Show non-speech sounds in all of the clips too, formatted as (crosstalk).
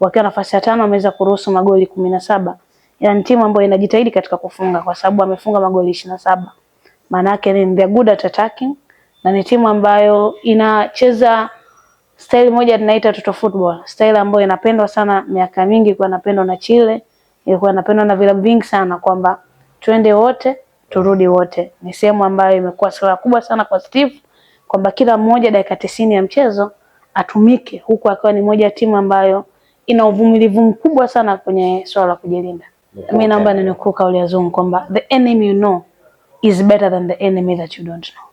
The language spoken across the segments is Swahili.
wakiwa nafasi ya tano ameweza kuruhusu magoli kumi na saba. Yaani timu ambayo inajitahidi katika kufunga kwa sababu amefunga magoli ishirini na saba. Maana yake ni they good at attacking na ni timu ambayo inacheza style moja tunaita toto football, style ambayo inapendwa sana miaka mingi, kwa inapendwa na Chile, ilikuwa inapendwa na vilabu vingi sana kwamba twende wote turudi wote. Ni sehemu ambayo imekuwa silaha kubwa sana kwa Steve kwamba kila mmoja dakika tisini ya mchezo atumike, huku akiwa ni moja ya timu ambayo ina uvumilivu mkubwa sana kwenye swala la kujilinda. Mimi naomba ninukuu kauli ya Zungu kwamba the enemy you know is better than the enemy that you don't know,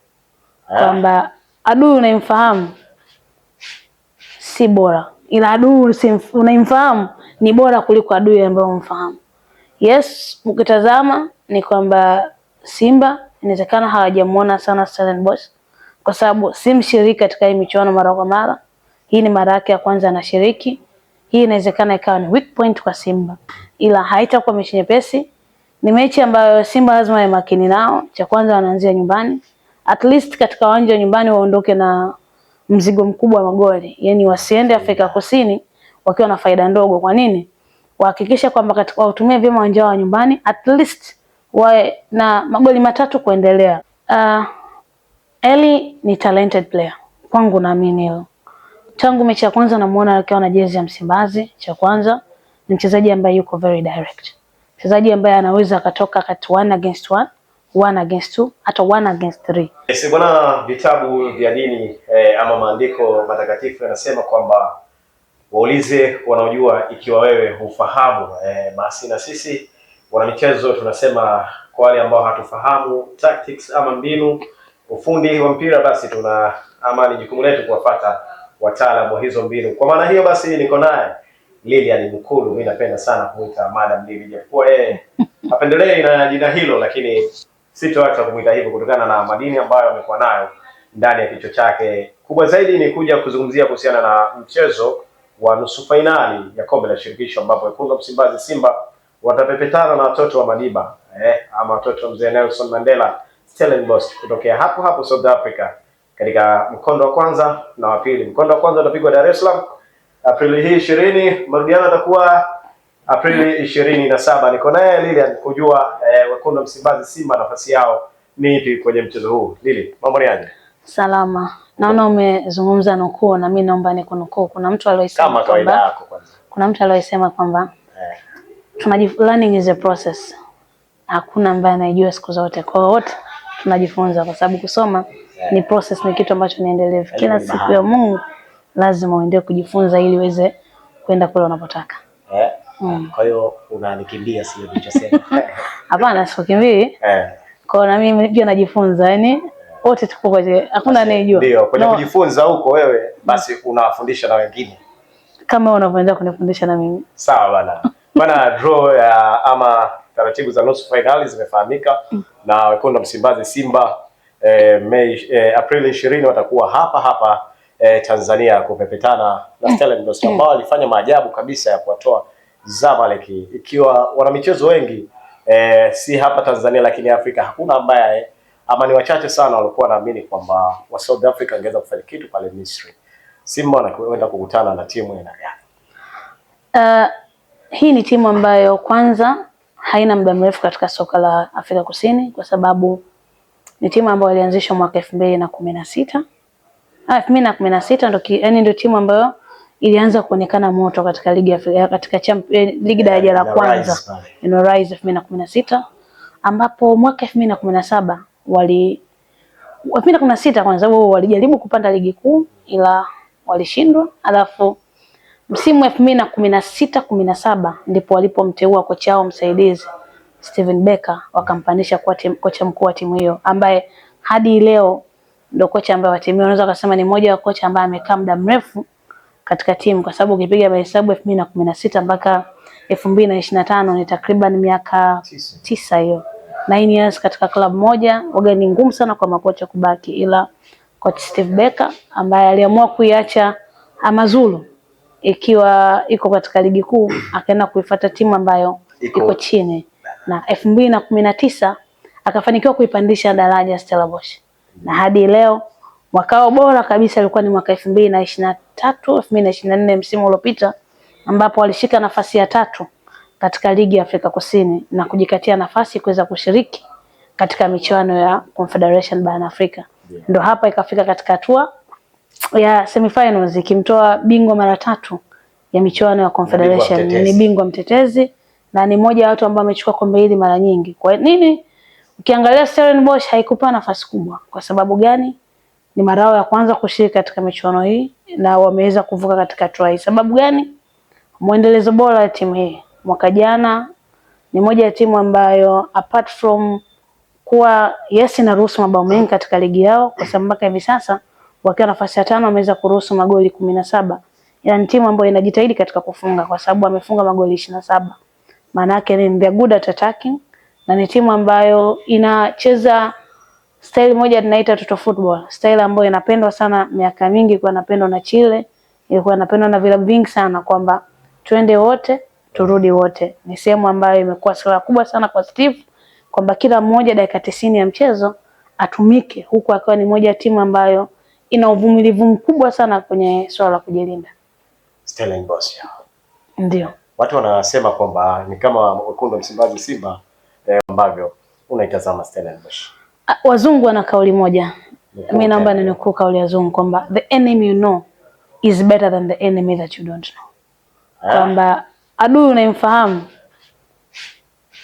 ah. kwamba adui unayemfahamu si bora, ila adui unayemfahamu ni bora kuliko adui ambaye umfahamu. Yes, ukitazama ni kwamba Simba inawezekana hawajamuona sana Stellenbosch kwa sababu si mshiriki katika hii michuano mara kwa mara. Hii ni mara yake ya kwanza anashiriki. Hii inawezekana ikawa ni weak point kwa Simba, ila haitakuwa mechi nyepesi. Ni mechi ambayo Simba lazima ya makini nao. Cha kwanza wanaanzia nyumbani, at least katika uwanja wa nyumbani waondoke na mzigo mkubwa wa magoli, yani wasiende Afrika Kusini wakiwa na faida ndogo. Kwa nini? Wahakikisha kwamba katika watumie vyema uwanja wa nyumbani, at least wawe na magoli matatu kuendelea. Uh, Eli ni talented player kwangu, naamini hilo tangu mechi ya kwanza namuona akiwa na jezi ya Msimbazi. Cha kwanza ni mchezaji ambaye yuko very direct, mchezaji ambaye anaweza akatoka kati one against one, one against two, hata one against three. Yes, eh, bwana, vitabu vya dini eh, ama maandiko matakatifu yanasema kwamba waulize wanaojua ikiwa wewe hufahamu. Eh, basi na sisi wanamichezo tunasema kwa wale ambao hatufahamu tactics ama mbinu, ufundi wa mpira, basi tuna ama ni jukumu letu kuwapata wataalamu wa hizo mbinu. Kwa maana hiyo basi, niko naye Lilian Mkulu, mimi napenda sana kumuita Madam Lilian, japokuwa yeye (laughs) apendelee na jina hilo, lakini sitoacha kumuita hivyo kutokana na madini ambayo amekuwa nayo ndani ya kichwa chake. Kubwa zaidi ni kuja kuzungumzia kuhusiana na mchezo wa nusu fainali ya kombe la shirikisho ambapo wekundu wa Msimbazi Simba watapepetana na watoto wa Madiba eh, ama watoto wa mzee Nelson Mandela Stellenbosch kutokea hapo hapo South Africa katika mkondo wa kwanza na wa pili. Mkondo wa kwanza utapigwa Dar es Salaam Aprili hii ishirini. Marudiano atakuwa Aprili ishirini na saba. Niko naye Lilian kujua eh, wekundu Msimbazi Simba nafasi yao ni ipi kwenye mchezo huu. Lili, mambo ni aje? Salama. Naona umezungumza nukuu, na mimi naomba nikunukuu. Kuna mtu aliyesema kama kawaida yako kwanza, kuna mtu aliyesema kwamba eh, tunaji learning is a process, hakuna ambaye anajua siku zote. Kwa hiyo wote tunajifunza, kwa sababu kusoma Eh. ni process, ni kitu ambacho niendelevu. Kila siku ya Mungu lazima uendelee kujifunza ili uweze kwenda kule unapotaka. Eh. Mm. Kwa hiyo unanikimbia, sio nilichosema. (laughs) Hapana, sikukimbii. Eh. Kwa na mimi pia najifunza, yani wote tuko kwa hakuna anayejua. Ndio, kwenye kujifunza huko wewe basi unawafundisha na wengine. Kama unavyoenda kunifundisha na mimi. Sawa bana. Bana draw ya ama taratibu za nusu finali zimefahamika mm. na wekundu Msimbazi Simba Eh, Mei, eh, Aprili ishirini watakuwa hapa hapa eh, Tanzania kupepetana na mm. Stellenbosch mm. ambao walifanya maajabu kabisa ya kuwatoa Zamalek, ikiwa wanamichezo wengi eh, si hapa Tanzania lakini Afrika hakuna ambaye ama ni wachache sana walikuwa wanaamini kwamba wa South Africa angeweza kufanya kitu pale Misri. Simba wanakwenda kukutana na timu ya gani? Uh, hii ni timu ambayo kwanza haina muda mrefu katika soka la Afrika Kusini kwa sababu ni timu ambayo ilianzishwa mwaka elfu mbili na kumi na sita ah, elfu mbili na kumi na sita ndo yani ndo timu ambayo ilianza kuonekana moto katika ligi ya katika champ, eh, ligi daraja la kwanza ino Rise elfu mbili na kumi na sita ambapo mwaka elfu mbili na kumi na saba wali elfu mbili na kumi na sita kwanza wao walijaribu kupanda ligi kuu ila walishindwa, alafu msimu elfu mbili na kumi na sita kumi na saba ndipo walipomteua kocha wao msaidizi Steven Becker wakampandisha kuwa tim, kocha mkuu wa timu hiyo ambaye hadi leo ndio kocha ambaye wa timu hiyo unaweza kusema ni mmoja wa kocha ambaye amekaa muda mrefu katika timu kwa sababu ukipiga mahesabu elfu mbili na kumi na sita mpaka elfu mbili na ishirini na tano ni takriban miaka tisa hiyo nine years katika klabu moja, waga ni ngumu sana kwa makocha kubaki, ila coach Steve Becker ambaye aliamua kuiacha Amazulu ikiwa iko katika ligi kuu akaenda kuifuata timu ambayo iko chini na elfu mbili na kumi na tisa akafanikiwa kuipandisha daraja Stella Bosch na hadi leo mwakao bora kabisa alikuwa ni mwaka elfu mbili na ishirini na tatu elfu mbili na ishirini na nne msimu uliopita ambapo walishika nafasi ya tatu katika ligi ya Afrika Kusini na kujikatia nafasi kuweza kushiriki katika michuano ya Confederation barani Afrika. Yeah. Ndio hapa ikafika katika hatua ya semifinals ikimtoa bingwa mara tatu ya michuano ya Confederation, ni bingwa mtetezi na ni moja ya watu ambao amechukua kombe hili mara nyingi. Kwa nini? Ukiangalia Stellenbosch haikupa nafasi kubwa. Kwa sababu gani? Ni mara yao ya kwanza kushiriki katika michuano hii na wameweza kuvuka katika hatua hii. Sababu gani? Mwendelezo bora ya timu hii. Mwaka jana ni moja ya timu ambayo apart from kuwa yes inaruhusu mabao mengi katika ligi yao, kwa sababu mpaka hivi sasa wakiwa nafasi ya tano wameweza kuruhusu magoli kumi na saba. Ila yaani timu ambayo inajitahidi katika kufunga, kwa sababu wamefunga magoli ishirini na saba maana yake ni the good at attacking, na ni timu ambayo inacheza style moja tunaita total football, style ambayo inapendwa sana miaka mingi, kwa inapendwa na Chile, ilikuwa inapendwa na vilabu vingi sana, kwamba twende wote turudi wote. Ni sehemu ambayo imekuwa silaha kubwa sana kwa Steve, kwamba kila mmoja dakika tisini ya mchezo atumike, huku akiwa ni moja ya timu ambayo ina uvumilivu mkubwa sana kwenye swala la kujilinda. Stellenbosch ndio watu wanasema kwamba ni kama wekundu wa Msimbazi Simba eh, ambavyo eh, unaitazama Stellenbosch. Ah, wazungu wana kauli moja, mimi naomba ninukuu kauli ya wazungu kwamba the enemy you know is better than the enemy that you don't know, ah. kwamba adui unayemfahamu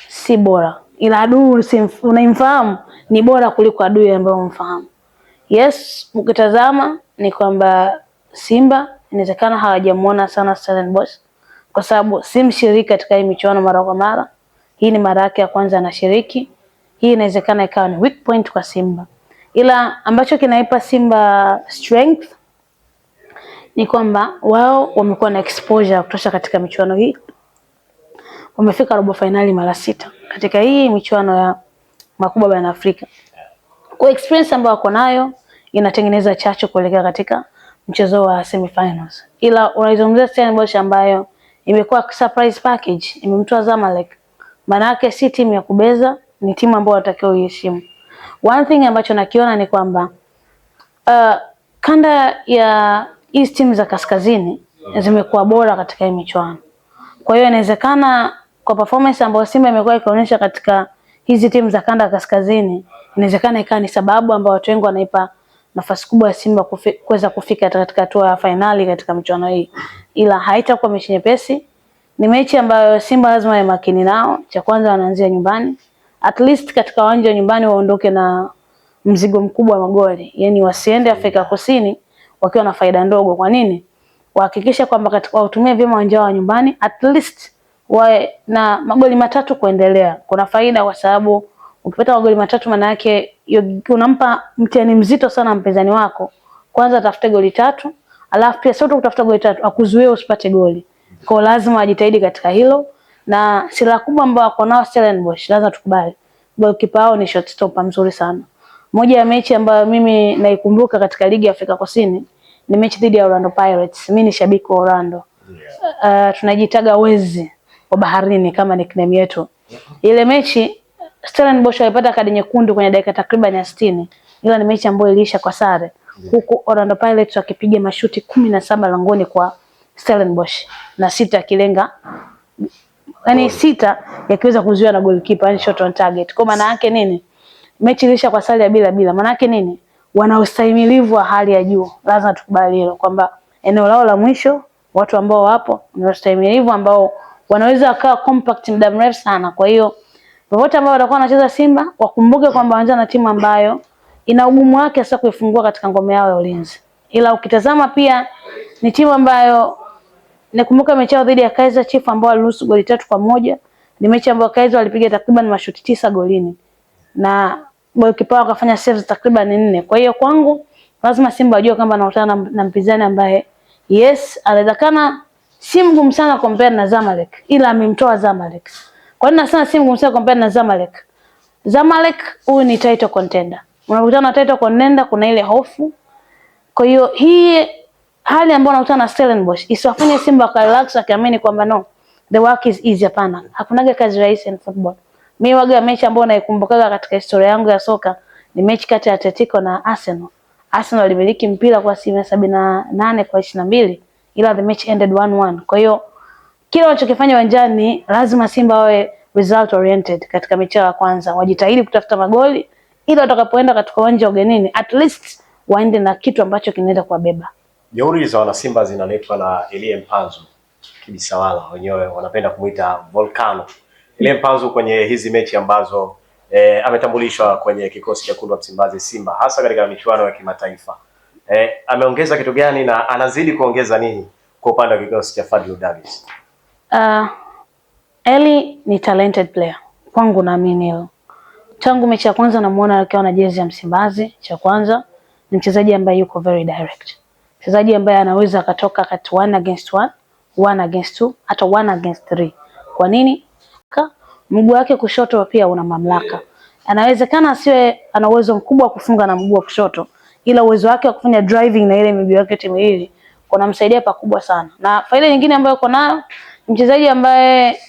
si bora, ila adui unayemfahamu ni bora kuliko adui ambayo umfahamu. Yes, ukitazama ni kwamba Simba inawezekana hawajamuona sana Stellenbosch kwa sababu si mshiriki katika hii michuano mara kwa mara. Hii ni mara yake ya kwanza anashiriki. Hii inawezekana ikawa ni weak point kwa Simba, ila ambacho kinaipa Simba strength ni kwamba wao wamekuwa na exposure ya kutosha katika michuano hii. Wamefika robo fainali mara sita katika hii michuano ya makubwa barani Afrika. Kwa experience ambayo wako nayo inatengeneza chachu kuelekea katika mchezo wa semifinals, ila unaizungumzia ambayo ambayo imekuwa surprise package, imemtoa Zamalek. Maana yake si timu ya kubeza, ni timu ambayo watakao uiheshimu. One thing ambacho nakiona ni kwamba uh, kanda ya East team za kaskazini zimekuwa bora katika hii michuano. Kwa hiyo inawezekana kwa performance ambayo Simba imekuwa ikionyesha katika hizi timu za kanda ya kaskazini, inawezekana ikawa ni sababu ambayo watu wengi wanaipa nafasi kubwa ya Simba kuweza kufi, kufika katika hatua ya fainali katika michuano hii ila haitakuwa mechi nyepesi. Ni mechi ambayo Simba lazima ya makini nao. Cha kwanza wanaanzia nyumbani, at least katika uwanja wa nyumbani waondoke na mzigo mkubwa wa magoli, yani wasiende Afrika Kusini wakiwa na faida ndogo. Kwa nini? Wahakikisha kwamba katika watumie vyema uwanja wa nyumbani, at least wawe na magoli matatu kuendelea. Kuna faida kwa sababu ukipata magoli matatu, maana yake unampa mtihani mzito sana mpinzani wako. Kwanza tafute goli tatu alafu pia sio tu kutafuta goli tatu, akuzuia usipate goli. Kwa lazima ajitahidi katika hilo, na silaha kubwa ambayo wako nao Stellenbosch, lazima tukubali, goalkeeper wao ni shot stopper mzuri sana. Moja ya mechi ambayo mimi naikumbuka katika ligi ya Afrika Kusini ni mechi dhidi ya Orlando Pirates. Mimi ni shabiki wa Orlando. Yeah. Uh, tunajitaga wezi wa baharini kama nickname yetu. Ile mechi Stellenbosch alipata kadi nyekundu kwenye dakika takriban ya 60. Ila ni mechi ambayo iliisha kwa sare huku Orlando Pirates wakipiga mashuti kumi na saba langoni kwa Stellenbosch na sita akilenga yani sita yakiweza kuzuiwa na goalkeeper, yani shot on target. Kwa maana yake nini? Mechi ilisha kwa sare ya bila bila. Maana yake nini? Wana ustahimilivu wa hali ya juu. Lazima tukubali hilo kwamba eneo lao la mwisho watu ambao wapo ni ustahimilivu ambao wanaweza wakawa compact muda mrefu sana. Kwa hiyo popote ambao watakuwa wanacheza Simba wakumbuke kwamba wanaanza na timu ambayo ina ugumu wake hasa kuifungua katika ngome yao ya ulinzi, ila ukitazama pia ni timu ambayo nakumbuka mechi yao dhidi ya Kaizer Chiefs ambao waliruhusu goli tatu kwa moja ni mechi ambayo Kaizer walipiga takriban mashuti tisa golini na golikipa wao akafanya saves takriban nne. Kwa hiyo kwangu lazima Simba wajue kwamba anakutana na, na mpinzani ambaye yes anawezekana si mgumu sana compare na Zamalek ila amemtoa Zamalek. Kwa nini nasema si mgumu sana compare na Zamalek? Zamalek huyu ni title contender unakutana na title contender, kuna ile hofu. Kwa hiyo hii hali ambayo unakutana na Stellenbosch isiwafanye Simba kwa relax, akiamini kwamba no the work is easy. Hapana, hakunaga kazi rahisi in football. Mimi waga mechi ambayo naikumbukaga katika historia yangu ya soka ni mechi kati ya Atletico na Arsenal. Arsenal walimiliki mpira kwa asilimia sabini na nane kwa ishirini na mbili ila the match ended 1-1. Kwa hiyo kila wanachokifanya uwanjani lazima Simba wawe result oriented katika mechi ya kwanza, wajitahidi kutafuta magoli ili watakapoenda katika uwanja wa ugenini at least waende na kitu ambacho kinaenda kuwabeba. Jeuri za wanasimba zinaletwa na Elie Mpanzu Kibisawala, wenyewe wanapenda kumuita Volcano. Elie Mpanzu kwenye hizi mechi ambazo eh, ametambulishwa kwenye kikosi cha kundi Msimbazi Simba, hasa katika michuano ya kimataifa eh, ameongeza kitu gani na anazidi kuongeza nini kwa upande wa kikosi cha Fadlu Davis? Uh, ah, Eli ni talented player kwangu, naamini hilo tangu mechi ya kwanza namuona akiwa na jezi ya Msimbazi. Cha kwanza ni mchezaji ambaye yuko very direct, mchezaji ambaye anaweza akatoka kati one against one, one against two, hata one against three. Kwa nini? Mguu wake kushoto pia una mamlaka. Anawezekana asiwe ana uwezo mkubwa wa kufunga na mguu wa kushoto, ila uwezo wake wa kufanya driving na ile miguu yake miwili kunamsaidia pakubwa sana. Na faida nyingine ambayo uko nayo, mchezaji ambaye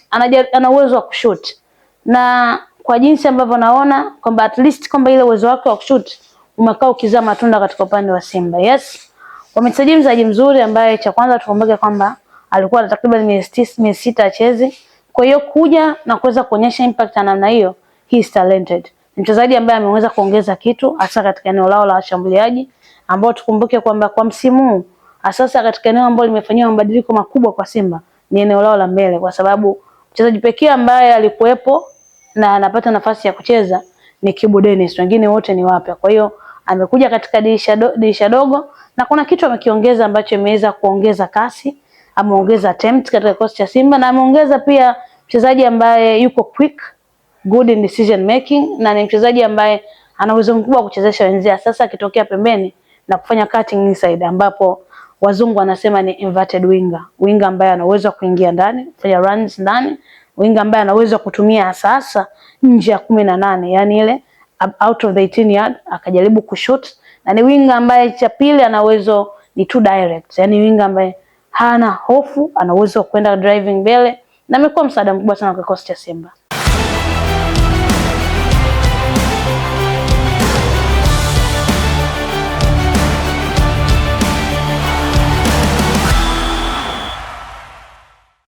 ana uwezo wa kushoot na kwa jinsi ambavyo naona kwamba at least kwamba ile uwezo wake wa kushoot umekaa ukizaa matunda katika upande wa Simba. Yes. Wamesajili mzaji mzuri ambaye cha kwanza tukumbuke kwamba alikuwa na takriban miezi sita acheze. Kwa hiyo kuja na kuweza kuonyesha impact ya namna hiyo, he is talented. Mchezaji ambaye ameweza kuongeza kitu hasa katika eneo lao la washambuliaji ambao tukumbuke kwamba kwa msimu huu sasa katika eneo ambalo limefanyiwa mabadiliko makubwa kwa Simba ni eneo lao la mbele, kwa sababu mchezaji pekee ambaye alikuwepo na anapata nafasi ya kucheza ni Kibu Dennis, wengine wote ni wapya. Kwa hiyo amekuja katika dirisha do, dirisha dogo na kuna kitu amekiongeza ambacho imeweza kuongeza kasi, ameongeza attempt katika kikosi cha Simba na ameongeza pia mchezaji ambaye yuko quick, good in decision making na ni mchezaji ambaye ana uwezo mkubwa wa kuchezesha wenzia, sasa akitokea pembeni na kufanya cutting inside ambapo wazungu wanasema ni inverted winger, winger ambaye ana uwezo wa kuingia ndani, kufanya runs ndani winga ambaye anaweza kutumia sasa nje ya kumi na nane yani ile out of the 18 yard akajaribu kushoot, na ni winga ambaye cha pili ana uwezo ni two direct, yani winga ambaye hana hofu, ana uwezo wa kwenda driving mbele na amekuwa msaada mkubwa sana kwa kikosi cha Simba.